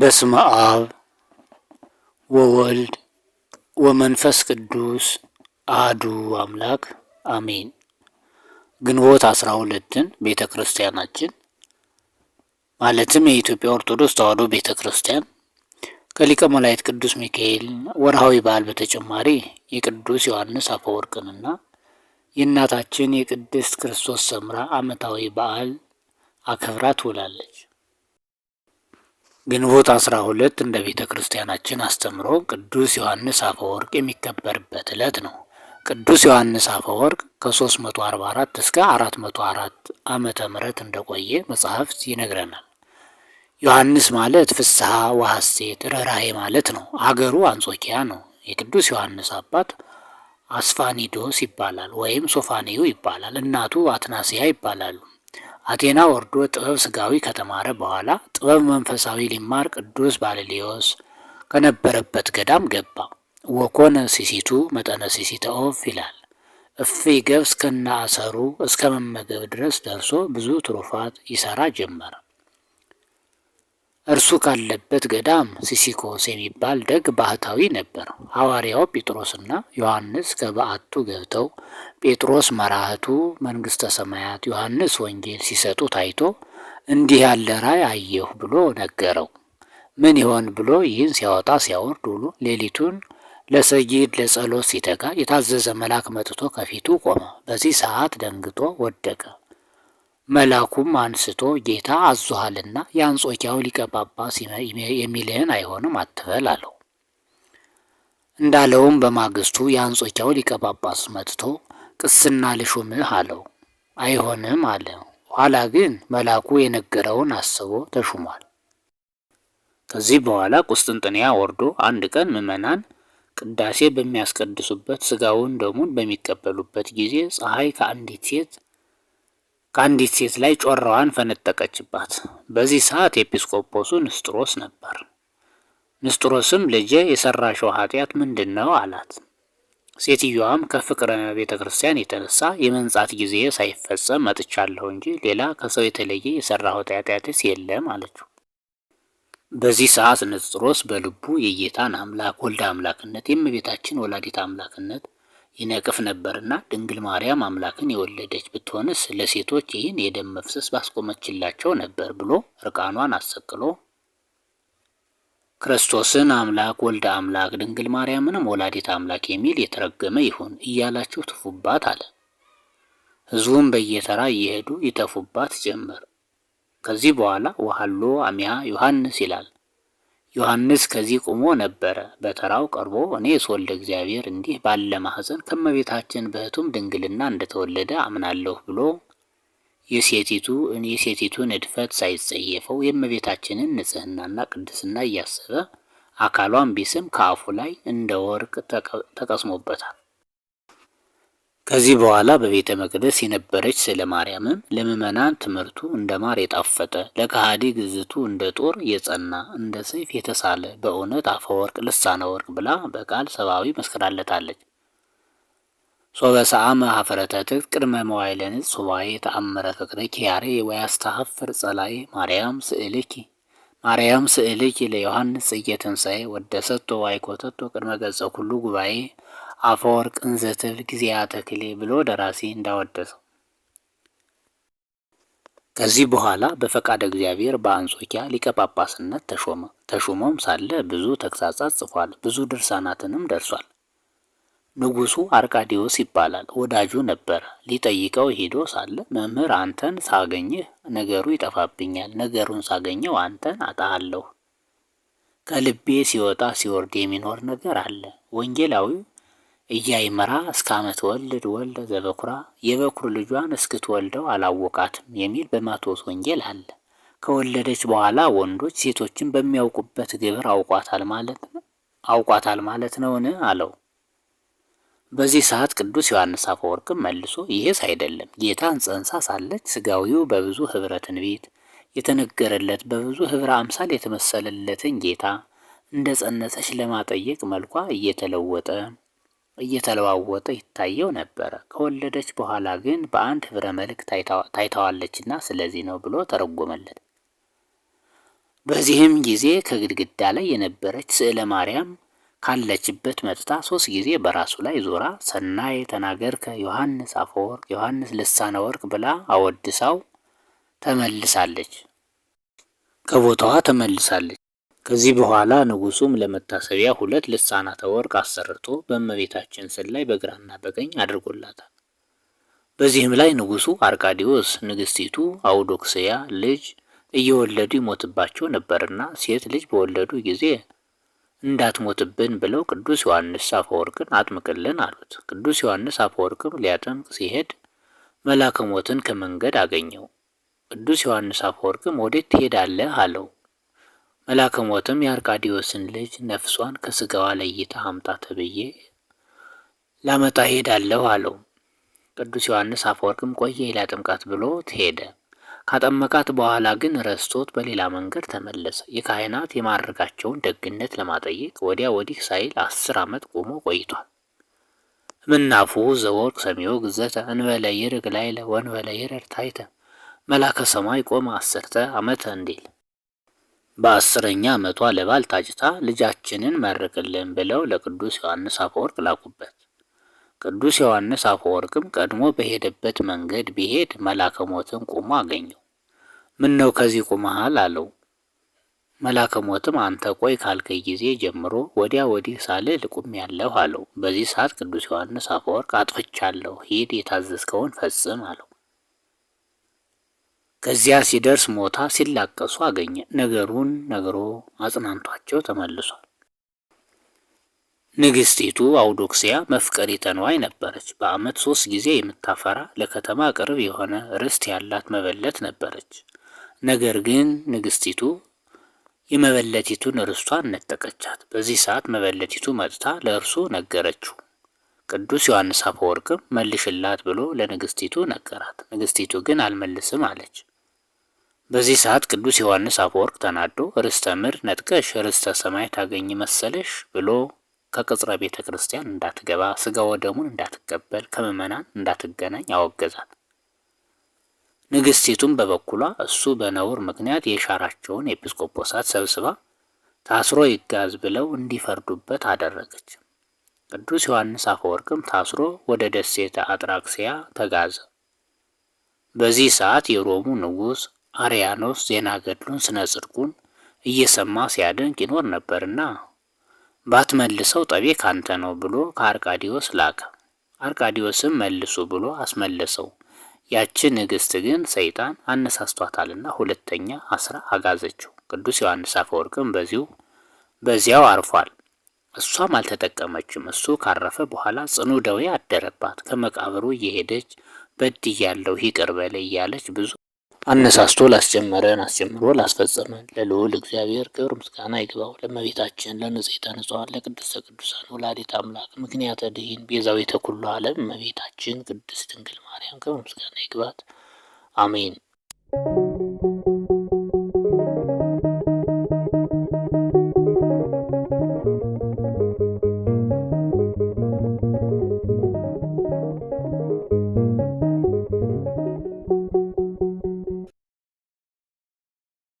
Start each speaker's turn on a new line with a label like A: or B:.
A: በስመ አብ ወወልድ ወመንፈስ ቅዱስ አህዱ አምላክ አሜን። ግንቦት አስራ ሁለትን ቤተ ክርስቲያናችን ማለትም የኢትዮጵያ ኦርቶዶክስ ተዋሕዶ ቤተ ክርስቲያን ከሊቀ መላእክት ቅዱስ ሚካኤል ወርሃዊ በዓል በተጨማሪ የቅዱስ ዮሐንስ አፈወርቅንና የእናታችን የቅድስት ክርስቶስ ሰምራ ዓመታዊ በዓል አክብራ ትውላለች። ግንቦት 12 እንደ ቤተ ክርስቲያናችን አስተምሮ ቅዱስ ዮሐንስ አፈወርቅ የሚከበርበት ዕለት ነው። ቅዱስ ዮሐንስ አፈወርቅ ከ344 እስከ 404 ዓመተ ምህረት እንደቆየ መጽሐፍት ይነግረናል። ዮሐንስ ማለት ፍስሐ ወሐሴት ረራሄ ማለት ነው። አገሩ አንጾኪያ ነው። የቅዱስ ዮሐንስ አባት አስፋኒዶስ ይባላል ወይም ሶፋኒዩ ይባላል። እናቱ አትናሲያ ይባላሉ። አቴና ወርዶ ጥበብ ስጋዊ ከተማረ በኋላ ጥበብ መንፈሳዊ ሊማር ቅዱስ ባልሊዮስ ከነበረበት ገዳም ገባ። ወኮነ ሲሲቱ መጠነ ሲሲተ ኦፍ ይላል። እፍይ ገብስ ከነአሰሩ እስከ መመገብ ድረስ ደርሶ ብዙ ትሩፋት ይሰራ ጀመረ። እርሱ ካለበት ገዳም ሲሲኮስ የሚባል ደግ ባህታዊ ነበር። ሐዋርያው ጴጥሮስና ዮሐንስ ከበዓቱ ገብተው ጴጥሮስ መራህቱ መንግሥተ ሰማያት ዮሐንስ ወንጌል ሲሰጡ ታይቶ እንዲህ ያለ ራእይ አየሁ ብሎ ነገረው። ምን ይሆን ብሎ ይህን ሲያወጣ ሲያወርድ ውሎ ሌሊቱን ለሰጊድ ለጸሎት ሲተጋ የታዘዘ መልአክ መጥቶ ከፊቱ ቆመ። በዚህ ሰዓት ደንግጦ ወደቀ። መልአኩም አንስቶ ጌታ አዞሃልና የአንጾኪያው ሊቀ ጳጳስ የሚልህን አይሆንም አትበል አለው። እንዳለውም በማግስቱ የአንጾኪያው ሊቀ ጳጳስ መጥቶ ቅስና ልሹምህ አለው። አይሆንም አለ። ኋላ ግን መላኩ የነገረውን አስቦ ተሹሟል። ከዚህ በኋላ ቁስጥንጥንያ ወርዶ አንድ ቀን ምዕመናን ቅዳሴ በሚያስቀድሱበት ስጋውን ደሙን በሚቀበሉበት ጊዜ ፀሐይ ከአንዲት ሴት ከአንዲት ሴት ላይ ጮራዋን ፈነጠቀችባት። በዚህ ሰዓት ኤጲስቆጶሱ ንስጥሮስ ነበር። ንስጥሮስም ልጄ የሰራሽው ኃጢአት ምንድን ነው አላት። ሴትየዋም ከፍቅረ ቤተ ክርስቲያን የተነሳ የመንጻት ጊዜ ሳይፈጸም መጥቻለሁ እንጂ ሌላ ከሰው የተለየ የሰራሁት ኃጢአትስ የለም አለችው። በዚህ ሰዓት ንስጥሮስ በልቡ የጌታን አምላክ ወልደ አምላክነት የእመቤታችን ወላዲት አምላክነት ይነቅፍ ነበርና ድንግል ማርያም አምላክን የወለደች ብትሆንስ ለሴቶች ይህን የደም መፍሰስ ባስቆመችላቸው ነበር ብሎ እርቃኗን አሰቅሎ ክርስቶስን አምላክ ወልደ አምላክ ድንግል ማርያምንም ወላዲት አምላክ የሚል የተረገመ ይሁን እያላችሁ ትፉባት አለ። ሕዝቡም በየተራ እየሄዱ ይተፉባት ጀመር። ከዚህ በኋላ ወሃሎ አሚያ ዮሐንስ ይላል። ዮሐንስ ከዚህ ቆሞ ነበረ። በተራው ቀርቦ እኔ ስወልደ እግዚአብሔር እንዲህ ባለ ማህዘን ከመቤታችን በህቱም ድንግልና እንደተወለደ አምናለሁ ብሎ የሴቲቱ የሴቲቱን እድፈት ሳይጸየፈው የእመቤታችንን ንጽህናና ቅድስና እያሰበ አካሏን ቢስም ከአፉ ላይ እንደ ወርቅ ተቀስሞበታል። ከዚህ በኋላ በቤተ መቅደስ የነበረች ስለ ማርያምም ለምእመናን ትምህርቱ እንደ ማር የጣፈጠ ለከሃዲ ግዝቱ እንደ ጦር የጸና እንደ ሰይፍ የተሳለ በእውነት አፈወርቅ ልሳነ ወርቅ ብላ በቃል ሰብአዊ መስክራለታለች። ሶበ ሰአመ ትክት ቅድመ መዋይለን ንጽ ሱባኤ ተአምረ ፍቅርኪ ያሬ ወያስተሐፍር ማርያም ስእልኪ ማርያም ስእልኪ ለዮሐንስ ጽጌ ትንሣኤ ወደ ሰጥቶ ዋይኮተቶ ቅድመ ገጸ ሁሉ ጉባኤ አፈወርቅ ዘትል ጊዜያ ተክሌ ብሎ ደራሲ እንዳወደሰው። ከዚህ በኋላ በፈቃደ እግዚአብሔር በአንጾኪያ ሊቀ ጳጳስነት ተሾመ። ተሾሞም ሳለ ብዙ ተግሳጻት ጽፏል፣ ብዙ ድርሳናትንም ደርሷል። ንጉሱ አርቃዲዎስ ይባላል፣ ወዳጁ ነበረ። ሊጠይቀው ሄዶ ሳለ መምህር አንተን ሳገኝህ ነገሩ ይጠፋብኛል፣ ነገሩን ሳገኘው አንተን አጣሃለሁ። ከልቤ ሲወጣ ሲወርድ የሚኖር ነገር አለ። ወንጌላዊው እያይመራ እስከ ዓመት ወልድ ወልደ ዘበኩራ የበኩር ልጇን እስክትወልደው አላወቃትም የሚል በማቴዎስ ወንጌል አለ። ከወለደች በኋላ ወንዶች ሴቶችን በሚያውቁበት ግብር አውቋታል ማለት አውቋታል ማለት ነውን? አለው። በዚህ ሰዓት ቅዱስ ዮሐንስ አፈወርቅም መልሶ ይህስ አይደለም፣ ጌታን ጸንሳ ሳለች ስጋዊው በብዙ ህብረ ትንቢት የተነገረለት በብዙ ህብረ አምሳል የተመሰለለትን ጌታ እንደ ጸነሰች ለማጠየቅ መልኳ እየተለወጠ እየተለዋወጠ ይታየው ነበረ። ከወለደች በኋላ ግን በአንድ ህብረ መልክ ታይተዋለችና ስለዚህ ነው ብሎ ተረጎመለት። በዚህም ጊዜ ከግድግዳ ላይ የነበረች ስዕለ ማርያም ካለችበት መጥታ ሶስት ጊዜ በራሱ ላይ ዞራ ሰናየ ተናገርከ ዮሐንስ አፈወርቅ ዮሐንስ ልሳነ ወርቅ ብላ አወድሳው ተመልሳለች። ከቦታዋ ተመልሳለች። ከዚህ በኋላ ንጉሱም ለመታሰቢያ ሁለት ልሳናተ ወርቅ አሰርቶ በእመቤታችን ስዕል ላይ በግራና በቀኝ አድርጎላታል። በዚህም ላይ ንጉሱ አርካዲዎስ ንግስቲቱ አውዶክስያ ልጅ እየወለዱ ይሞትባቸው ነበርና ሴት ልጅ በወለዱ ጊዜ እንዳትሞትብን ብለው ቅዱስ ዮሐንስ አፈወርቅን አጥምቅልን አሉት። ቅዱስ ዮሐንስ አፈወርቅም ሊያጠምቅ ሲሄድ መላከ ሞትን ከመንገድ አገኘው። ቅዱስ ዮሐንስ አፈወርቅም ወዴት ትሄዳለህ? አለው። መልአከ ሞትም የአርቃዲዎስን ልጅ ነፍሷን ከስጋዋ ለይታ አምጣ ተብዬ ላመጣ ሄዳለሁ አለው። ቅዱስ ዮሐንስ አፈወርቅም ቆየ ይላ ጥምቃት ብሎት ሄደ። ካጠመቃት በኋላ ግን ረስቶት በሌላ መንገድ ተመለሰ። የካህናት የማድረጋቸውን ደግነት ለማጠየቅ ወዲያ ወዲህ ሳይል አስር ዓመት ቆሞ ቆይቷል። ምናፉ ዘወርቅ ሰሚዮ ግዘተ እንበለ ይርግ ላይለ ወንበለ ታይተ መላከ ሰማይ ቆመ አስርተ ዓመተ እንዲል በአስረኛ ዓመቷ ለባል ታጭታ ልጃችንን መርቅልን ብለው ለቅዱስ ዮሐንስ አፈወርቅ ላኩበት። ቅዱስ ዮሐንስ አፈወርቅም ቀድሞ በሄደበት መንገድ ቢሄድ መላከ ሞትን አገኘው። ምን ነው ከዚህ ቁመሃል? አለው። መላከ ሞትም አንተ ቆይ ካልከ ጊዜ ጀምሮ ወዲያ ወዲህ ሳልል ያለሁ አለው። በዚህ ሰዓት ቅዱስ ዮሐንስ አፈወርቅ አጥፍቻለሁ፣ ሂድ የታዘዝከውን ፈጽም አለው። ከዚያ ሲደርስ ሞታ ሲላቀሱ አገኘ። ነገሩን ነግሮ አጽናንቷቸው ተመልሷል። ንግሥቲቱ አውዶክሲያ መፍቀሪ ተንዋይ ነበረች። በአመት ሶስት ጊዜ የምታፈራ ለከተማ ቅርብ የሆነ ርስት ያላት መበለት ነበረች። ነገር ግን ንግሥቲቱ የመበለቲቱን ርስቷን ነጠቀቻት። በዚህ ሰዓት መበለቲቱ መጥታ ለእርሱ ነገረችው። ቅዱስ ዮሐንስ አፈወርቅም መልሽላት ብሎ ለንግሥቲቱ ነገራት። ንግሥቲቱ ግን አልመልስም አለች። በዚህ ሰዓት ቅዱስ ዮሐንስ አፈወርቅ ተናዶ ርስተ ምድር ነጥቀሽ ርስተ ሰማይ ታገኝ መሰለሽ ብሎ ከቅጽረ ቤተ ክርስቲያን እንዳትገባ ስጋ ወደሙን እንዳትቀበል ከምዕመናን እንዳትገናኝ አወገዛት። ንግስቲቱም በበኩሏ እሱ በነውር ምክንያት የሻራቸውን ኤጲስቆጶሳት ሰብስባ ታስሮ ይጋዝ ብለው እንዲፈርዱበት አደረገች። ቅዱስ ዮሐንስ አፈወርቅም ታስሮ ወደ ደሴተ አጥራክሲያ ተጋዘ። በዚህ ሰዓት የሮሙ ንጉሥ አርያኖስ ዜና ገድሉን ስነ ጽድቁን እየሰማ ሲያደንቅ ይኖር ነበርና ባትመልሰው ጠቤ ካንተ ነው ብሎ ከአርቃዲዎስ ላከ። አርቃዲዎስም መልሱ ብሎ አስመለሰው። ያቺ ንግሥት ግን ሰይጣን አነሳስቷታልና ሁለተኛ አስራ አጋዘችው። ቅዱስ ዮሐንስ አፈወርቅም በዚሁ በዚያው አርፏል። እሷም አልተጠቀመችም። እሱ ካረፈ በኋላ ጽኑ ደዌ አደረባት። ከመቃብሩ እየሄደች በድ ያለው ይቅር በለኝ እያለች ብዙ አነሳስቶ ላስጀመረን አስጀምሮ ላስፈጸመን ለልዑል እግዚአብሔር ክብር ምስጋና ይግባው። ለእመቤታችን ለንጽሕተ ንጹሐን ለቅድስተ ቅዱሳን ወላዲተ አምላክ ምክንያተ ድኂን ቤዛዊተ ኩሉ ዓለም እመቤታችን ቅድስት ድንግል ማርያም ክብር ምስጋና ይግባት። አሜን።